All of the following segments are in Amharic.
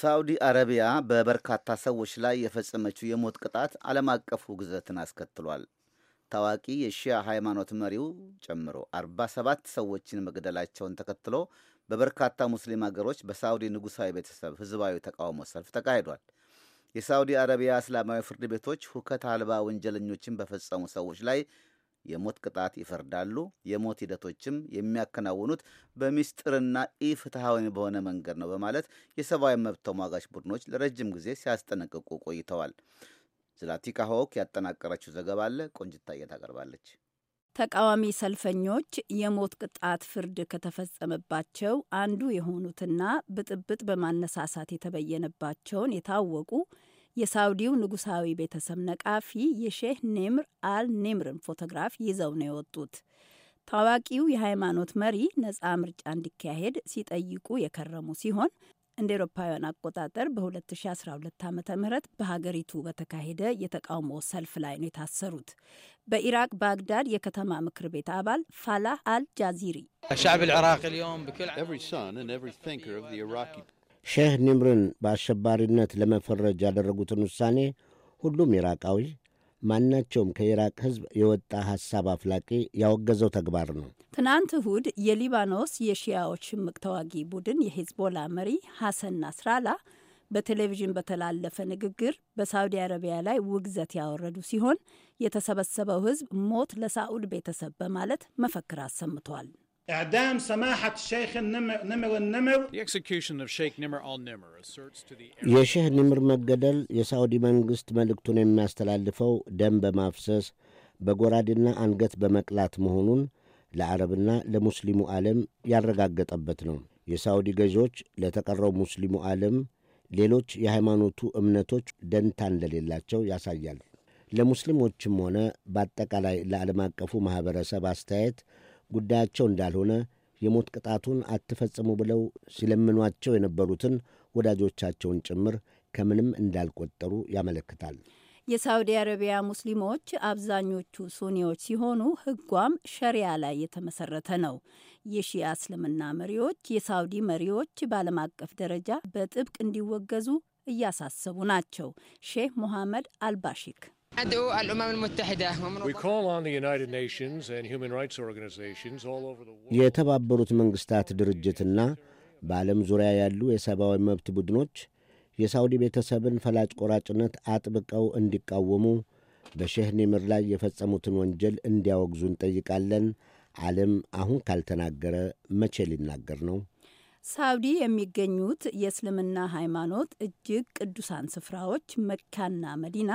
ሳውዲ አረቢያ በበርካታ ሰዎች ላይ የፈጸመችው የሞት ቅጣት ዓለም አቀፉ ግዘትን አስከትሏል። ታዋቂ የሺያ ሃይማኖት መሪው ጨምሮ 47 ሰዎችን መግደላቸውን ተከትሎ በበርካታ ሙስሊም አገሮች በሳውዲ ንጉሳዊ ቤተሰብ ህዝባዊ ተቃውሞ ሰልፍ ተካሂዷል። የሳውዲ አረቢያ እስላማዊ ፍርድ ቤቶች ሁከት አልባ ወንጀለኞችን በፈጸሙ ሰዎች ላይ የሞት ቅጣት ይፈርዳሉ። የሞት ሂደቶችም የሚያከናውኑት በሚስጥርና ኢፍትሐዊ በሆነ መንገድ ነው በማለት የሰብአዊ መብት ተሟጋች ቡድኖች ለረጅም ጊዜ ሲያስጠነቅቁ ቆይተዋል። ዝላቲካ ሆክ ያጠናቀረችው ዘገባ አለ ቆንጅታየ ታቀርባለች። ተቃዋሚ ሰልፈኞች የሞት ቅጣት ፍርድ ከተፈጸመባቸው አንዱ የሆኑትና ብጥብጥ በማነሳሳት የተበየነባቸውን የታወቁ የሳውዲው ንጉሳዊ ቤተሰብ ነቃፊ የሼህ ኔምር አል ኔምርን ፎቶግራፍ ይዘው ነው የወጡት። ታዋቂው የሃይማኖት መሪ ነጻ ምርጫ እንዲካሄድ ሲጠይቁ የከረሙ ሲሆን እንደ ኤሮፓውያን አቆጣጠር በ2012 ዓ ም በሀገሪቱ በተካሄደ የተቃውሞ ሰልፍ ላይ ነው የታሰሩት። በኢራቅ ባግዳድ የከተማ ምክር ቤት አባል ፋላህ አል ጃዚሪ ሼህ ኒምርን በአሸባሪነት ለመፈረጅ ያደረጉትን ውሳኔ ሁሉም ኢራቃዊ ማናቸውም ከኢራቅ ሕዝብ የወጣ ሐሳብ አፍላቂ ያወገዘው ተግባር ነው። ትናንት እሁድ የሊባኖስ የሺያዎች ሽምቅ ተዋጊ ቡድን የሂዝቦላ መሪ ሐሰን ናስራላ በቴሌቪዥን በተላለፈ ንግግር በሳውዲ አረቢያ ላይ ውግዘት ያወረዱ ሲሆን የተሰበሰበው ሕዝብ ሞት ለሳኡድ ቤተሰብ በማለት መፈክር አሰምቷል። የሼህ ንምር መገደል የሳውዲ መንግሥት መልእክቱን የሚያስተላልፈው ደም በማፍሰስ በጎራዴና አንገት በመቅላት መሆኑን ለአረብና ለሙስሊሙ ዓለም ያረጋገጠበት ነው። የሳውዲ ገዢዎች ለተቀረው ሙስሊሙ ዓለም ሌሎች የሃይማኖቱ እምነቶች ደንታ እንደሌላቸው ያሳያል። ለሙስሊሞችም ሆነ በአጠቃላይ ለዓለም አቀፉ ማኅበረሰብ አስተያየት ጉዳያቸው እንዳልሆነ የሞት ቅጣቱን አትፈጽሙ ብለው ሲለምኗቸው የነበሩትን ወዳጆቻቸውን ጭምር ከምንም እንዳልቆጠሩ ያመለክታል። የሳውዲ አረቢያ ሙስሊሞች አብዛኞቹ ሱኒዎች ሲሆኑ ሕጓም ሸሪያ ላይ የተመሰረተ ነው። የሺያ እስልምና መሪዎች የሳውዲ መሪዎች በዓለም አቀፍ ደረጃ በጥብቅ እንዲወገዙ እያሳሰቡ ናቸው። ሼህ ሞሐመድ አልባሺክ የተባበሩት መንግሥታት ድርጅትና በዓለም ዙሪያ ያሉ የሰብአዊ መብት ቡድኖች የሳውዲ ቤተሰብን ፈላጭ ቆራጭነት አጥብቀው እንዲቃወሙ በሼህ ኒምር ላይ የፈጸሙትን ወንጀል እንዲያወግዙ እንጠይቃለን። ዓለም አሁን ካልተናገረ መቼ ሊናገር ነው? ሳውዲ የሚገኙት የእስልምና ሃይማኖት እጅግ ቅዱሳን ስፍራዎች መካና መዲና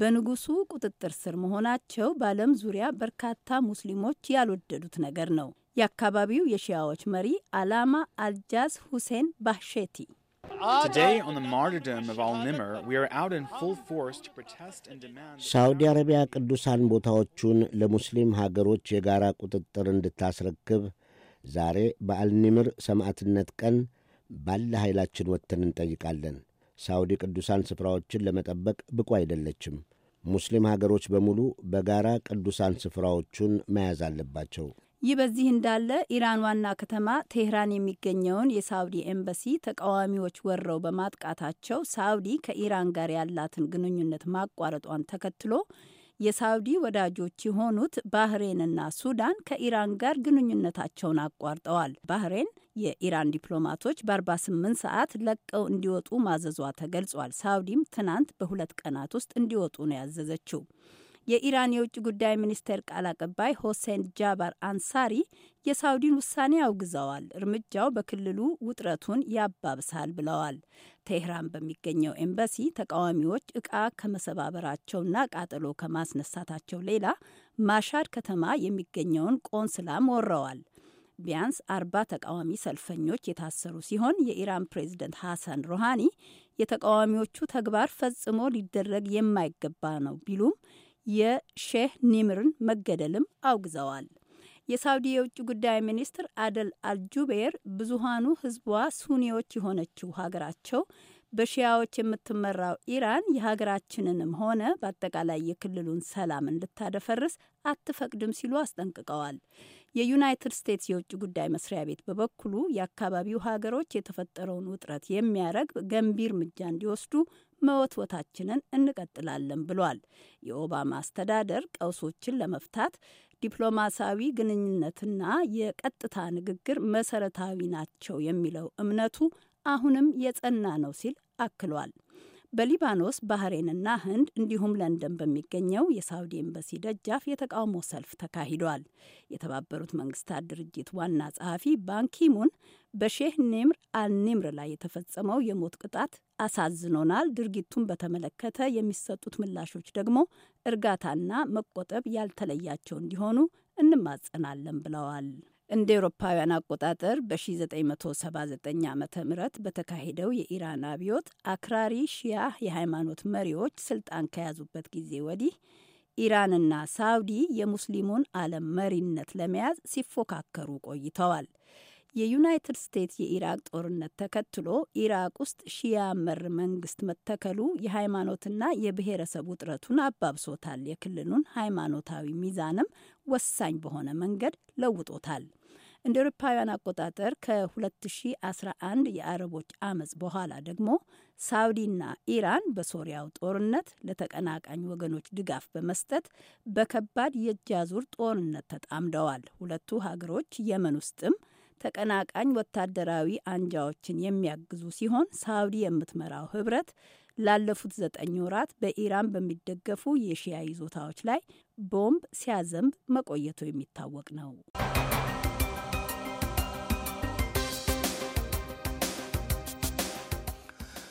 በንጉሱ ቁጥጥር ስር መሆናቸው በዓለም ዙሪያ በርካታ ሙስሊሞች ያልወደዱት ነገር ነው። የአካባቢው የሺያዎች መሪ አላማ አልጃዝ ሁሴን ባሼቲ ሳውዲ አረቢያ ቅዱሳን ቦታዎቹን ለሙስሊም ሀገሮች የጋራ ቁጥጥር እንድታስረክብ ዛሬ በአልኒምር ሰማዕትነት ቀን ባለ ኃይላችን ወጥተን እንጠይቃለን። ሳውዲ ቅዱሳን ስፍራዎችን ለመጠበቅ ብቁ አይደለችም። ሙስሊም ሀገሮች በሙሉ በጋራ ቅዱሳን ስፍራዎቹን መያዝ አለባቸው። ይህ በዚህ እንዳለ ኢራን ዋና ከተማ ቴህራን የሚገኘውን የሳውዲ ኤምባሲ ተቃዋሚዎች ወረው በማጥቃታቸው ሳውዲ ከኢራን ጋር ያላትን ግንኙነት ማቋረጧን ተከትሎ የሳውዲ ወዳጆች የሆኑት ባህሬንና ሱዳን ከኢራን ጋር ግንኙነታቸውን አቋርጠዋል። ባህሬን የኢራን ዲፕሎማቶች በ48 ሰዓት ለቀው እንዲወጡ ማዘዟ ተገልጿል። ሳውዲም ትናንት በሁለት ቀናት ውስጥ እንዲወጡ ነው ያዘዘችው። የኢራን የውጭ ጉዳይ ሚኒስቴር ቃል አቀባይ ሆሴን ጃባር አንሳሪ የሳውዲን ውሳኔ አውግዘዋል። እርምጃው በክልሉ ውጥረቱን ያባብሳል ብለዋል። ቴህራን በሚገኘው ኤምባሲ ተቃዋሚዎች እቃ ከመሰባበራቸውና ቃጠሎ ከማስነሳታቸው ሌላ ማሻድ ከተማ የሚገኘውን ቆንስላም ወረዋል። ቢያንስ አርባ ተቃዋሚ ሰልፈኞች የታሰሩ ሲሆን የኢራን ፕሬዝደንት ሐሰን ሮሃኒ የተቃዋሚዎቹ ተግባር ፈጽሞ ሊደረግ የማይገባ ነው ቢሉም የሼህ ኒምርን መገደልም አውግዘዋል። የሳውዲ የውጭ ጉዳይ ሚኒስትር አደል አልጁቤር ብዙሃኑ ህዝቧ ሱኒዎች የሆነችው ሀገራቸው በሺያዎች የምትመራው ኢራን የሀገራችንንም ሆነ በአጠቃላይ የክልሉን ሰላም እንድታደፈርስ አትፈቅድም ሲሉ አስጠንቅቀዋል። የዩናይትድ ስቴትስ የውጭ ጉዳይ መስሪያ ቤት በበኩሉ የአካባቢው ሀገሮች የተፈጠረውን ውጥረት የሚያረግብ ገንቢ እርምጃ እንዲወስዱ መወትወታችንን እንቀጥላለን ብሏል። የኦባማ አስተዳደር ቀውሶችን ለመፍታት ዲፕሎማሲያዊ ግንኙነትና የቀጥታ ንግግር መሰረታዊ ናቸው የሚለው እምነቱ አሁንም የጸና ነው ሲል አክሏል። በሊባኖስ ባህሬንና ህንድ እንዲሁም ለንደን በሚገኘው የሳውዲ ኤምባሲ ደጃፍ የተቃውሞ ሰልፍ ተካሂዷል። የተባበሩት መንግስታት ድርጅት ዋና ጸሐፊ ባንኪሙን በሼህ ኒምር አልኒምር ላይ የተፈጸመው የሞት ቅጣት አሳዝኖናል፣ ድርጊቱን በተመለከተ የሚሰጡት ምላሾች ደግሞ እርጋታና መቆጠብ ያልተለያቸው እንዲሆኑ እንማጸናለን ብለዋል። እንደ ኤሮፓውያን አቆጣጠር በ1979 ዓ ም በተካሄደው የኢራን አብዮት አክራሪ ሺያ የሃይማኖት መሪዎች ስልጣን ከያዙበት ጊዜ ወዲህ ኢራንና ሳውዲ የሙስሊሙን ዓለም መሪነት ለመያዝ ሲፎካከሩ ቆይተዋል። የዩናይትድ ስቴትስ የኢራቅ ጦርነት ተከትሎ ኢራቅ ውስጥ ሺያ መር መንግስት መተከሉ የሃይማኖትና የብሔረሰብ ውጥረቱን አባብሶታል። የክልሉን ሃይማኖታዊ ሚዛንም ወሳኝ በሆነ መንገድ ለውጦታል። እንደ አውሮፓውያን አቆጣጠር ከ2011 የአረቦች አመፅ በኋላ ደግሞ ሳውዲና ኢራን በሶሪያው ጦርነት ለተቀናቃኝ ወገኖች ድጋፍ በመስጠት በከባድ የእጅ አዙር ጦርነት ተጣምደዋል። ሁለቱ ሀገሮች የመን ውስጥም ተቀናቃኝ ወታደራዊ አንጃዎችን የሚያግዙ ሲሆን ሳውዲ የምትመራው ህብረት ላለፉት ዘጠኝ ወራት በኢራን በሚደገፉ የሺያ ይዞታዎች ላይ ቦምብ ሲያዘንብ መቆየቱ የሚታወቅ ነው።